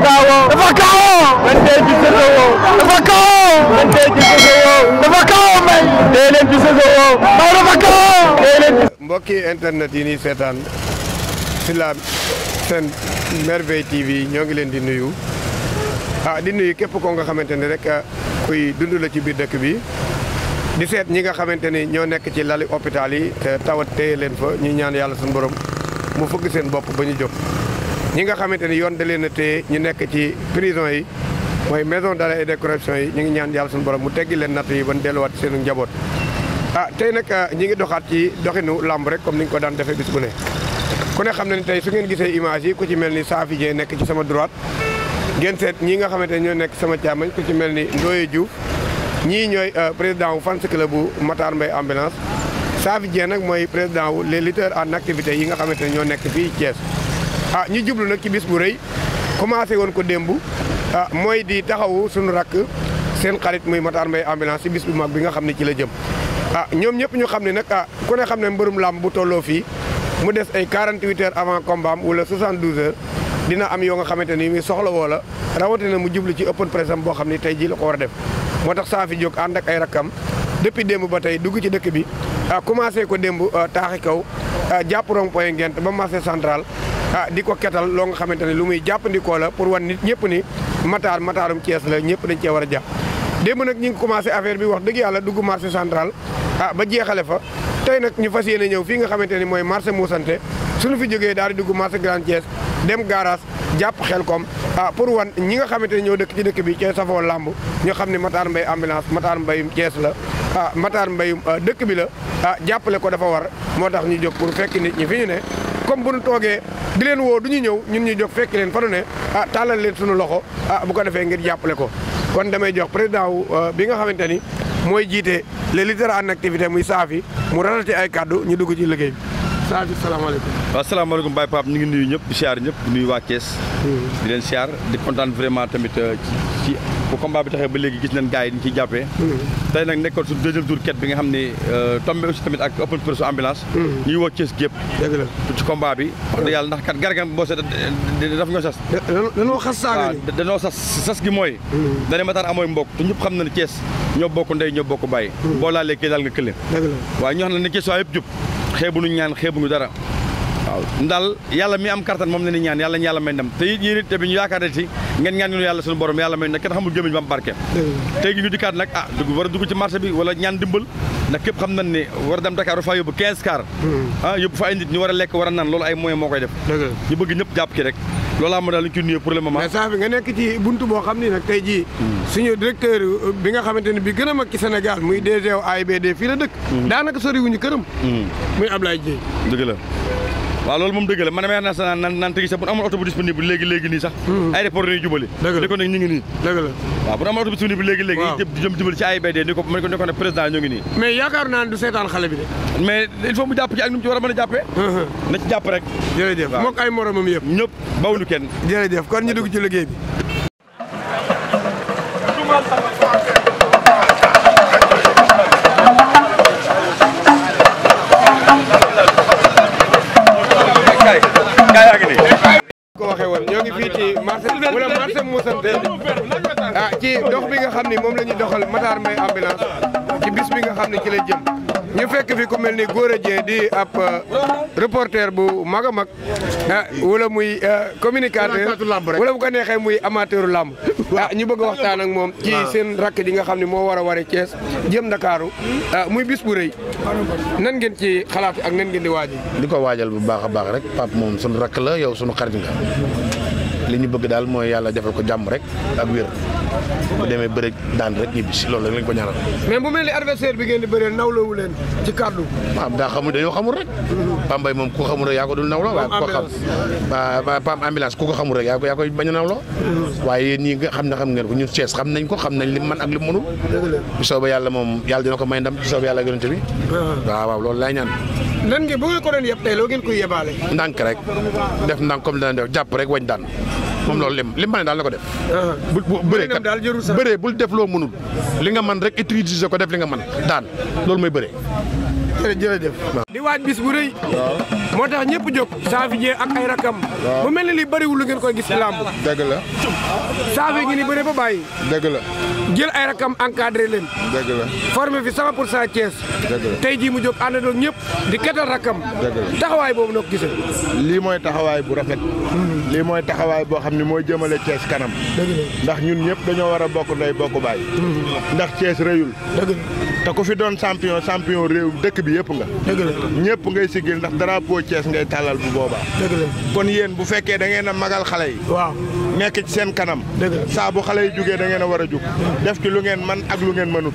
dafa kaawoo. may. dee leen ci Sese mbokki internet yi ñuy seetaan si la seen merveille TV ñoo ngi leen di nuyu ah di nuyu képp ko nga xamante ne rek kuy dund la ci biir dëkk bi. di seet ñi nga xamante ni ñoo nekk ci lali hôpital yi te tawat téye leen fa ñu ñaan yàlla suñu borom mu fëgg seen bopp ba ñu jóg ñi nga xamante ni yoon da leen a ñu nekk ci prison yi mooy maison d'arrêt et de correction yi ñu ngi ñaan yàlla suñu borom mu teggi leen natt yi ban delluwaat seenu njaboot ah tey nag ah, ñi ngi doxaat ci doxinu làmb rek comme ni ñu ko daan defee bis bu ne ku ne xam ne tey su ngeen gisee image yi ku ci mel ni Safi Dieng nekk ci sama droit ngeen seet ñi nga xamante ni ñoo nekk sama càmmoñ ku ci mel ni Ndoye Diouf ñii ñooy euh, président wu fans club bu Matar mbay ambulance Safi Dieng nag mooy président wu les lutteurs en activité yi nga xamante ne ñoo nekk fii Thiès ah ñu jublu nak ci bis bu reuy commencé won ko dembu ah moy di taxawu suñu rak seen xarit muy Matar may ambulance bis bu mag bi nga xam ci la jëm ah ñom ñep ñu xam nak ah ku ne xamne mbeurum lamb bu tolo fi mu dess ay 48 heures avant combat am wala 72 heures dina am yo nga xamanteni mi soxla wo la rawati na mu jublu ci open press bo xamni tay ji lako wara def motax safi jog and ak ay rakam depuis démb ba tay dugg ci dekk bi a ah, commencé ko démb ah, taxi kaw ah, japp rond point ngent ba marché central di ko ketal lo nga xamanteni lu muy jappandiko la pour wan nit ñepp ni matar matarum ties la ñepp dañ ci wara japp jàpp nak nag commencé affaire bi wax deug yalla dugg marché central ah ba jéxalé fa tay nak ñu fas yéene ñëw fii nga xamanteni moy mooy marché Moussante suñu fi joggé daal marché Grand ties dem garage jàpp xel koom ah pour wan ñi nga xamante ne ñëw dëkk ci dëkk bi cee safoo làmb ñu xam ne Matar mbay ambulance Matar mbayum Thiès la ah mbayum Mbaye ah, dëkk bi la ah jàppale ko dafa war moo tax ñu jóg pour fekk nit ñi fi ñu ne comme bu nu toogee di leen woo du ñu ñëw ñun ñu jox fekk leen fa nu ne ah tàllal leen suñu loxo ah bu ko defee ngir jàppale ko kon damay jox président wu ah, bi nga xamante ni mooy jiite les lutteurs en activité muy saafi mu rafetlu ay kàddu ñu dugg ci liggéey bi. waa bi salaamaaleykum. waaw salaamaaleykum Baye ngi nuyu ñëpp di siyaar ñëpp di nuyu waa Kees. Hmm. di leen siyaar di kontaan vraiment tamit euh, ci bu combat bi taxee ba léegi gis nañ gars yi ñu ciy jàppee. Hmm. tey nag nekkoon su deuxième tour bi nga xam ne euh, tombé aussi tamit ak open press ambulance. Hmm. ñuy woo ci combat bi. wax yàlla ndax kat gargan boo seet daf ñoo sas. danoo xas saaga ni danoo sas sas gi mooy. dañu mataan amooy mbokk te ñëpp xam na ne Kees ñoo bokk ndey ñoo bokk bàyyi. boo laalee kii daal nga kële. dëgg la waaye ñoo xam ne Kees waa yëpp jub. xeebuñu ñaan xeebuñu dara waaw ndaal yàlla mi am kartan moom la ñuy ñaan yàlla ñu yàlla may ndam te it yéen it tamit ñu yaakaar ci ngeen ñaan ñu yàlla suñu borom yàlla may nag kenn xamul gémmiñ ba am barke tey ah, marché bi wala ñaan dimbal ndax képp xam nañ ne war a dem Dakar war faa yóbbu 15 car hmm. ah, yóbbu fa ay nit ñu war a lekk war a naan loolu ay moyens moo koy def ñu bëgg ñëpp jàpp ki rek loolaa ma daal lañ ci nuyee pour le moment. mais saa nga nekk ci bunt boo xam ni nag tey jii. Hmm. suñu directeur bi nga xamante ne bi gën a mag ci Sénégal muy DG AIBD fii la dëkk. Hmm. daanaka soriwuñu këram. Hmm. muy Ablaye Dieye. dëgg la. waaw loolu moom dëgg la man maire national naan naan tegi sax bu amoon oto bu disponible léegi léegi nii sax hmm. aéroport lañuy jubali li ko nag ñu ngi nii dëgg la waaw bu amoon oto bu disponible léegi léegi jëm jubali ci AIBD ko ni ko ne président ñu ngi nii du seetaan xale bi de mais il faut mu jàpp ci ak nu mu ci hmm. rek mook ay moromam yëpp ñëpp bawuñu kenn jërëjëf kon ñu dugg ci liggéey bi sant ah ci dox bi nga xam ni moom lañuy ñuy doxal Matar Mbaye ambulance ci bis bi nga xam ni ci la jëm ñu fekk fi ku mel ni a Dieng di ab euh, reporter bu mag a mag ah, wala muy euh, communicateur wala bu ko neexee muy amateuru làmb ah ñu bëgg a waxtaan ak moom ci seen rakk ji nga xam ne moo war a waree Thiès jëm Ndakaaru a ah, muy bis bu rëy nan ngeen ci xalaat ak nan ngeen di waajal di ko waajal bu baax a baax rek Pape moom sunu rakk la yow sunu xarit nga li ñu bëgg daal mooy yàlla defal ko jàmm rek ak wér bu demee bëre daan rek ñibbi si loolu lañ ko ñaanal. mais mu mel ni adversaire bi ngeen di bëree nawloowu leen ci kàddu. waaw daa xamul dañoo xamul rek. Pam moom ku ko xamul rek yaa ko dul nawloo. waaye ku ko xam waaw Pam xamul rek yaa ko yaa koy bañ a nawloo. Mm-hmm. waaye ñii nga xam ne xam ngeen ko ñun Thiès xam nañ ko xam nañ li man mën ak li mu mënul. yàlla moom yàlla dina ko may ndam bu yàlla yonent bi. Ah. waaw waaw loolu laay ñaan. nan ngeen bu ngeen ko doon yeb loo ngeen koy yebaale. ndànk rek def ndànk kom dana def jàpp rek wañ daan moom loolu lim lim ma ne daal def. Ah. bu kat bëree bul def loo mënul li nga rek ko def li nga di waaj bis bu rëy moo tax ñëpp jóg saa ak ay rakam mu mel ni li bëriwul lu ngeen koy gis la saafe ngi ni bëre ba bàyyi dëgg la jël ay rakam encadré leen dëgg la formé fi 100 pour cent Thiès dëgg la tey jii mu jóg ànd doon ñëpp di ketal rakam dëgg la taxawaay boobu noo ko gisee lii mooy taxawaay bu rafet hmm. lii mooy taxawaay boo xam ne mooy jëmale Thiès kanam ndax ñun ñëpp dañoo war a bokk ndey bokk baay hmm. ndax Thiès rëyul dëgg la te ku fi doon champion champion réew dëkk bi yëpp nga dëgg la ñëpp ngay siggil ndax drapeau Thiès ngay tàllal bu boobaa dëgg la kon yéen bu fekkee da ngeen a magal xale yi waaw nek ci sen kanam sa bu xalé juugé da ngeen wara juug def ci lu ngeen man ak lu ngeen manut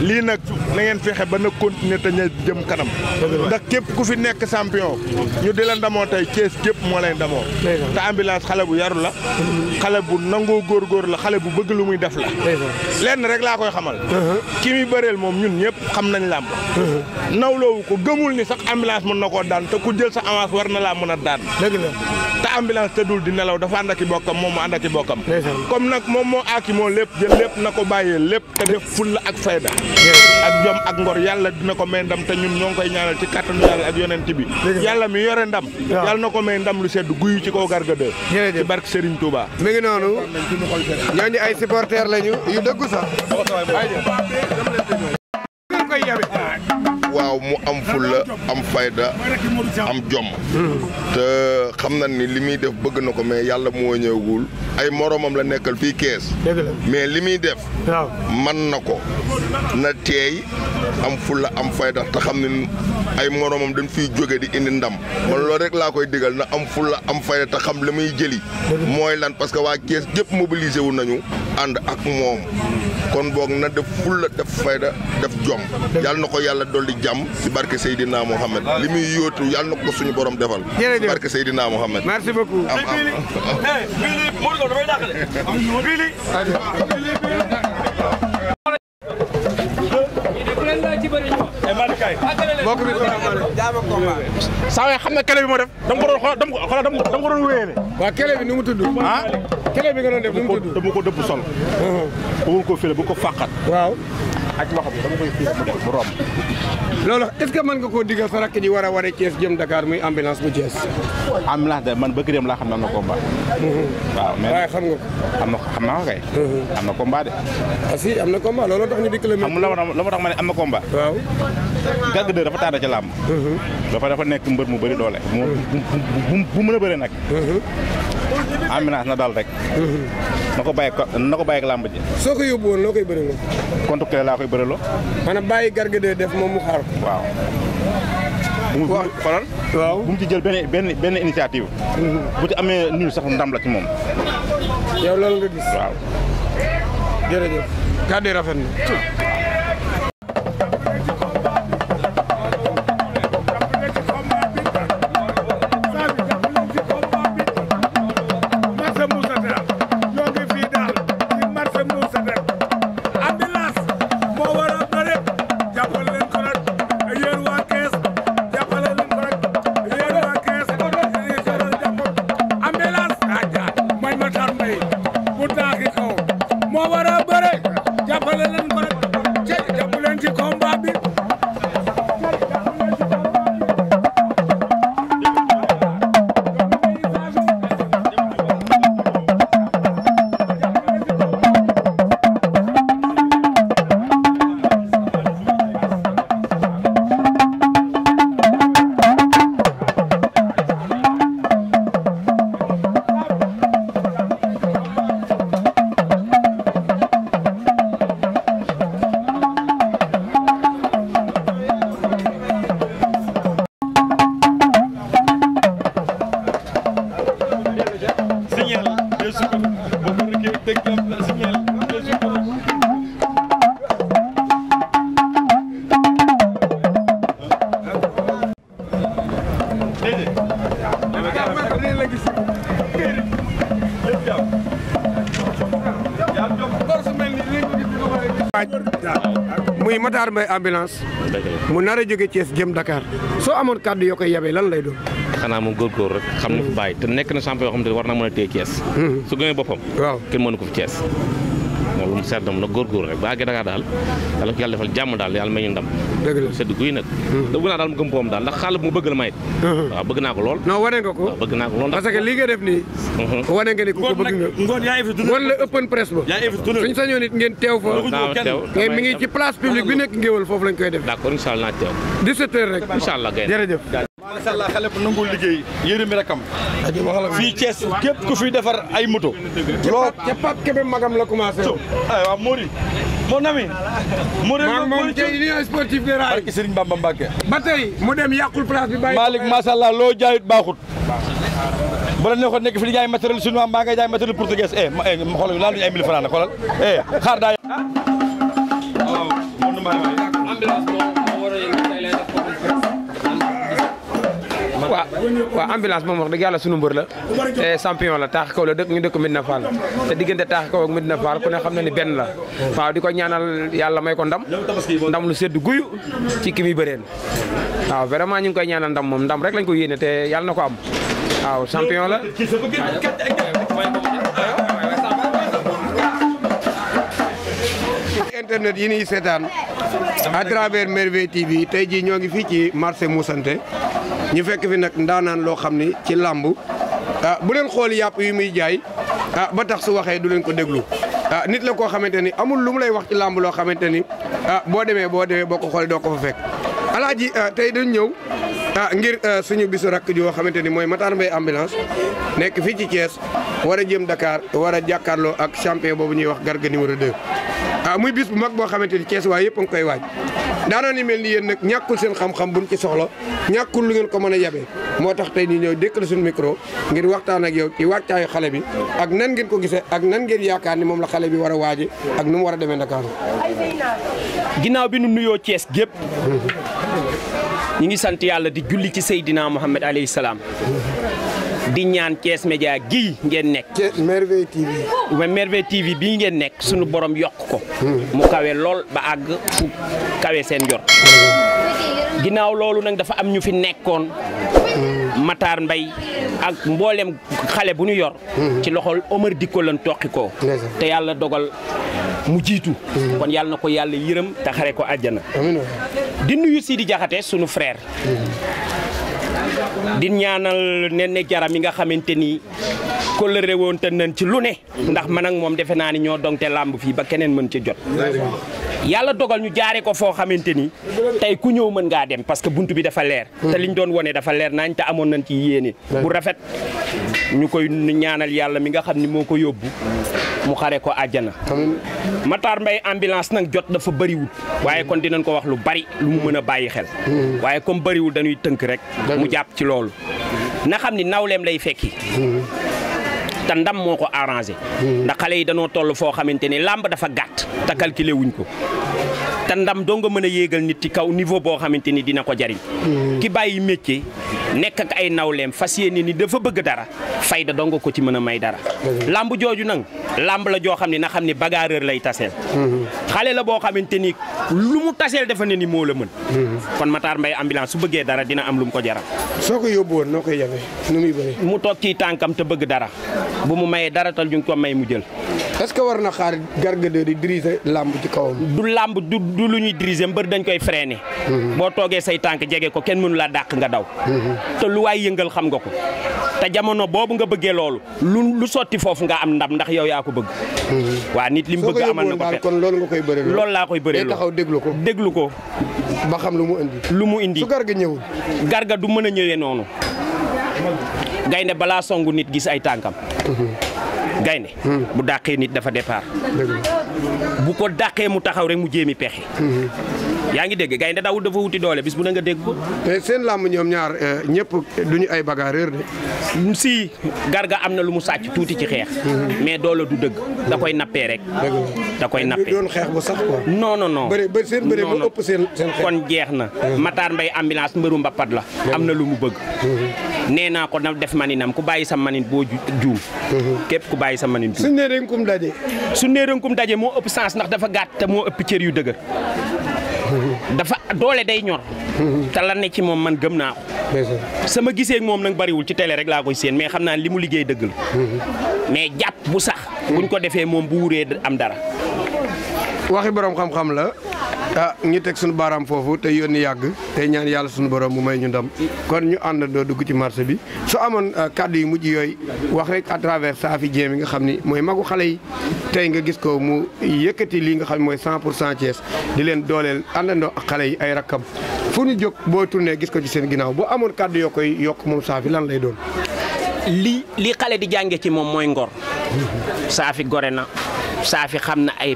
li nak na ngeen fexé ba na continuer ta jëm kanam ndax képp ku fi nek champion ñu di la ndamo tay Thiès képp mo lay ndamo ta ambulance xalé bu yaru la xalé bu gor gor la xalé bu bëgg lu muy def la lenn rek la koy xamal uh-huh. ki muy bëreel mom ñun ñepp xam nañ uh-huh. nawlo wu ko gëmul ni sax ambulance mën daan te ku jël sa avance war na laa mën a daan ta ambulance dul di nelaw dafa moom mu ànd ak i bokkam comme nag moom moo aaki moo lépp jël lépp na ko bàyyee lépp te def fulla ak fayda ak jom ak ngor yàlla dina ko may ndam te ñun ñoo ngi koy ñaanal ci kàttanu yàlla ak yonent bi yàlla mi yore ndam yàlla na ko may ndam lu sedd guyu ci kaw Garga 2 ci barke Serigne Touba mi ngi noonu ñooñu ay supporters lañu yu dëggu sax waaw mu am fulla am fayda am jom te xam na ni li muy def bëgg na ko mais yàlla moo ñëwagul ay moroomam la nekkal fii kees mais li muy def man na ko na teey am fulla am fayda te xam ne ay moroomam dañ fiy jóge di indi ndam man loolu rek laa koy digal na am fulla am fayda te xam la muy jëli mooy lan parce que waa kees gépp mobilisé wu nañu ànd ak moom kon boog na def fulla def fayda def jom yàlla na ko yàlla dolli jàmm si barke Seydina Mohamed li muy yootu yàlla na ko suñu borom defal si barke Seydina Mohamed merci beaucoup am moo ko bind jaama saa waay xam na kele bi moo def dam ko doon xool dama ko xool dama ko doon wéyale waaw kele bi nu mu tudd ah kele bi nga doon def nu ko dëpp sol uh-huh. bu ko fële bu ko fàqat waaw ak loxo bi dama koy fii mu def mu mën nga koo digal sa rakk ji war a waree Thiès jëm muy ambulance bu Thiès ambulance de man bëgg dem laa xam ne am na combat uh-huh. waaw mais waaye xam nga ko am na xam naa ko kay uh-huh. am na combat ba ah si am na combat loolu tax ñu dikk la xam la ma tax ma ne am na combat waaw Garga dafa taata ci làmb dafa mhm. dafa nekk mbër mu bëri doole mu bu mën a bëri nag mhm. ambulance na daal rek mhm. na ko bàyyi na ko bàyyi làmb ji soo ko yóbbu woon loo koy bëriloo contre kele laa koy bëriloo maanaam bàyyi Garga def moom mu xaar waaw bu mu xoolal waaw bu ci jël benn benn benn initiative bu ci amee niw sax ndam la ci moom yow loolu nga gis waaw jërëjëf kàddu rafet na paaj muy Matar Mbaye ambulance mu nar a jóge Thiès jëm Dakar soo amoon kàddu yoo koy yabee lan lay doon xanaa mu góor rek xam na fu bàyyi te nekk na champion yoo xam war na mën a téye Thiès hmm. su gëmee boppam waaw kenn mënu ko fi Thiès lu mu seet na mun a góorgóor rek ba àggee Dakar daal yàlla defal jàmm daal yàlla may ñu ndam sedd guy nag da bëgg naa daal mu gëm boom daal ndax xaal mu bëgg la mayit hmm. waaw bëgg naa ko lool non wane nga ko bëgg naa ko lool parce que li def nii hmm. wane nga ni ku ko bëgg nga ngoon open press ba suñ sañoon it ngeen teew fa mais mi ngi ci place publique bi nekk ngéwal foofu lañ koy def d'accord incha allah naa teew 17 heures rek incha allah jërëjëf macha allah xale bu nangul liggéey yërëmi rakam fii Thiès képp ku fi defar ay moto lool ca Pape Kébé magam la commencé ay waaw Mori mon ami Mori moom tey union sportive de ba barke ba tey mu dem yàqul place bi bàyyi Malick macha allah loo jaayut baaxut bu la neexoon nekk fi di jaay matériel chinois mbaa ngay jaay matériel portugais eh, eh xoolal laal duñu ay mille francs la xoolal eh, xaar daa waaw ambulance moom wax dëgg yàlla sunu mbër la te eh, champion la taax kaw la dëkk ñu dëkk Medina Fall te diggante taax kaw ak Medina Fall ku ne xam na ni benn la waaw di ko ñaanal yàlla may ko ndam ndam lu sedd guyu ci ki muy waaw vraiment ñu ngi koy ñaanal ndam moom ndam rek lañ ko yéene te yàlla na ko am waaw champion la internet yi ñuy seetaan à travers Merveille TV tey jii ñoo ngi fii ci marché Moussante ñu fekk fi nag ndaanaan loo xam ni ci làmb ah bu leen xool yàpp yi muy jaay a ah ba tax su waxee du leen ko déglu ah nit la koo xamante ni amul lu mu lay wax ci làmb loo xamante ni ah boo demee boo demee boo ko xoolee doo ko fa fekk alaaji ah, tey dañ ñëw ah ngir ah, suñu bisu rakk joo xamante ni mooy Matar Mbaye ambulance nekk fii ci Thiès war a jëm Dakar war a jàkkaarloo ak champion boobu ñuy wax Garga numéro 2 waaw ah, muy bis bu mag boo xamante ni Cees waa yëpp a ngi koy waaj daanoo ni mel ni yéen nag ñàkkul seen xam-xam buñ ci soxla ñàkkul lu ngeen ko mën a yabee moo tax tey ñu ñëw dékkal suñu micro ngir waxtaan ak yow ci wàccaayu xale bi ak nan ngeen ko gisee ak nan ngeen yaakaar ni moom la xale bi war a waaje ak nu mu war a demee Ndakaaru ginnaaw bi nu nuyoo Cees gépp mhm. ñu ngi sant yàlla di julli ci Seydina Muhammad alayhi salaam di ñaan Thiès Média gii ngeen nekk. Merveille TV. Merveille TV bii ngeen nekk sunu borom yokk ko. Hmm. mu kawe lool ba àgg fu kawe seen jor hmm. ginnaaw loolu nag dafa am ñu fi nekkoon. Hmm. Matar Mbay ak mboolem xale bu ñu yor. ci loxol Omar Dikko lan toqi ko te yàlla dogal mu jiitu. kon yàlla na ko yàlla yërëm te xare ko àjjana. di nuyu Sidi Jaxate sunu frère. di ñaanal Néné Diarra mi nga xamante ni kóllëre woon te nan ci lu ne. ndax man ak moom defe naa ni ñoo donte làmb fii ba keneen mën ci jot. yàlla dogal ñu jaare ko foo xamante ni tey ku ñëw mën ngaa dem parce que bunt bi dafa leer te ñu doon wone dafa leer nañ te amoon nañ ci yéene bu rafet ñu koy ñaanal yàlla mi nga xam ni moo ko yóbbu mu xare ko àjjana Matar Mbaye ambulance nag jot dafa bëriwul waaye kon dinañ ko wax lu bari lu mu mën a bàyyi xel waaye comme bëriwul dañuy tënk rek mu jàpp ci loolu na xam ni nawleem lay fekki te ndam moo ko arrangé. Hmm. ndax xale yi danoo toll foo xamante ni làmb dafa gàtt. te calculé wuñ ko. te ndam doo mën a yéegal nit ci kaw niveau boo xamante ni dina ko jariñ hmm. ki bàyyi métier nekk ak ay nawleem fas ne ni dafa bëgg dara fayda doo nga ko ci mën a may dara hmm. làmb jooju nag lamb la joo xam ne na xam ni bagarreur lay taseel hmm. xale la boo xamante ni lu mu taseel dafa ne ni moo la mën kon Matar may ambulance su bëggee dara dina am lu mu ko jaral soo ko yóbbu noo koy jafe nu muy bëree mu toog ci tànkam te bëgg dara bu mu mayee dara tal ñu ko may mu jël est-ce que xaar Garga 2 di diriger làmb ci kawam. du làmb du du lu ñuy diriger mbër dañ koy freiner. Mhm. boo toogee say tànk jege ko kenn mënu laa dàq nga daw. Mhm. te lu waay yëngal xam nga ko. te jamono boobu nga bëggee loolu lu lu sotti foofu nga am ndam ndax yow yaa ko bëgg. Mhm. waa nit li bëgg amal na ko fekk kon loolu nga koy bëree loolu. loolu koy bëree loolu taxaw déglu ko. déglu ko. ba xam lu mu indi. lu mu indi su garga ñëwul. garga du mën a ñëwee noonu. gaynde balaa songu nit gis ay tànkam. gaynde hmm. bu dàqee nit dafa départ bu ko dàqee mu taxaw rek mu jéemi pexe hmm. yaa ngi dégg gaynde dawul dafa wuti doole bis bu na nga dégg ko. te seen làmb ñoom ñaar eh, ñëpp ñu ay bagarreur de. si garga am na lu mu sàcc tuuti ci xeex. mais doole du dëgg. da koy nappee rek. da koy nappee doon sax quoi. non non non bëri bëri seen bëri kon jeex na. Matar Mbay ambulance mbëru mbappat la. am na lu mu bëgg. nee naa ko na def maninam ku bàyyi sa manin boo juum. képp ku bàyyi sa manin juum. su nee rënkum daje. su nee daje moo ëpp sens ndax dafa gàtt te moo ëpp cër yu dëgër. dafa doole day ñor ta la ne ci mom man gëm naa ko sama gisee ak nak bari wul ci télé rek la koy mm-hmm. seen mais xamna limu liggéey deug la mais japp bu sax buñ ko défé mom bu wuré am dara waxi borom xam-xam la ah ñu tek suñu baram fofu te yoni yag te ñaan yalla suñu borom mu may ñu ndam kon ñu do dugg ci marché bi su amone euh, kàddu yu mujj yoy wax rek à travers Safi Dieng nga xamni moy magu xalé yi tay nga gis ko mu yëkëti li nga xamni moy 100 pour cent di leen dolel àndandoo ak xale yi ay rakam fu ñu jóg bo tourné gis ko ci seen ginaaw bu amone koy Safi lan lay doon. li li xalé di jànge ci mom moy ngor. Safi gore na Safi xam ay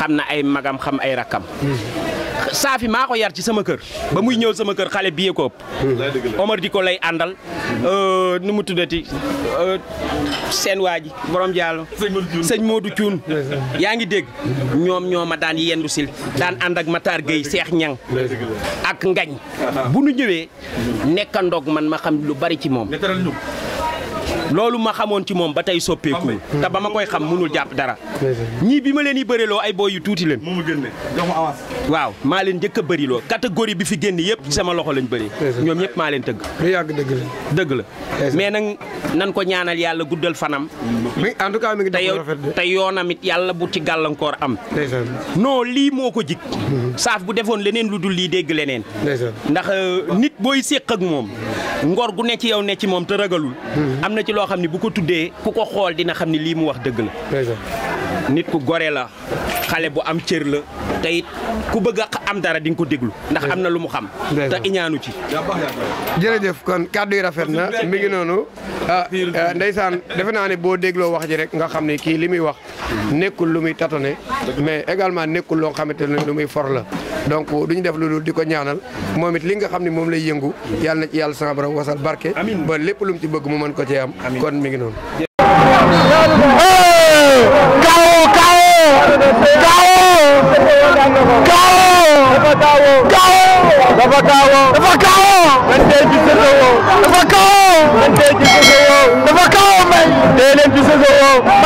xam na ay magam xam ay rakkam saafi maa ko yar ci sama kër ba muy ñëw sama kër xale bi ko ëpp Omar di ko lay àndal euh, nu mu tuddati euh, seen waa ji borom Diallo sëñ Modou Thioune yaa ngi dégg ñoom ñoo ma daan yendu sil daan ànd ak Matar Gueye Seex Ñang ak Ngañ bu nu ñëwee nekkandoog man ma xam lu bari ci moom loolu ma xamoon ci moom ba tey soppeeku te ba ma koy xam munul jàpp dara ñii bi ma leen yi bëriloo ay booy yu tuuti leen waaw maa leen njëkk a bëriloo catégorie bi fi génn yëpp ci sama loxo lañ bëri ñoom ñëpp maa leen tëgg dëgg la mais nag nan ko ñaanal yàlla guddal fanam en tout cas mi ngi te yoonamit yàlla bu ci gàllankoor am non lii moo ko jik mhm. saaf bu defoon leneen lu dul lii dégg leneen ndax euh, nit booy séq ak moom ngor gu nekk ci yow ne ci moom te ragalul mhm. loo xam ne bu ko tuddee ku ko xool dina xam ni lii mu wax dëgg na nit ku goré la xalé bu am cër la te ku bëgg a am dara di ngi ko déglu ndax amna lu mu xam ta iñaanu ci jërëjëf kon kàddu yi rafet na mi ngi nonu ah, ah, ndaysan defena naa ne déglo wax ji rek nga xam ne kii li wax nekkul lu muy tatone mais également nekkul lo xamante lu muy for la donc duñ def lu diko di ñaanal momit li nga xam ne moom lay yëngu yalla ci sama borom wasal barke ba lepp lu mu ci bëgg mu mën ko ci am kon mi ngi noonu kaawoo. kaawoo. dafa kaawoo. dafa kaawoo. man tey ci sa sa woo. dafa kaawoo. man tey ci sa sa woo. dafa kaawoo may. tey leen ci sa sa woo.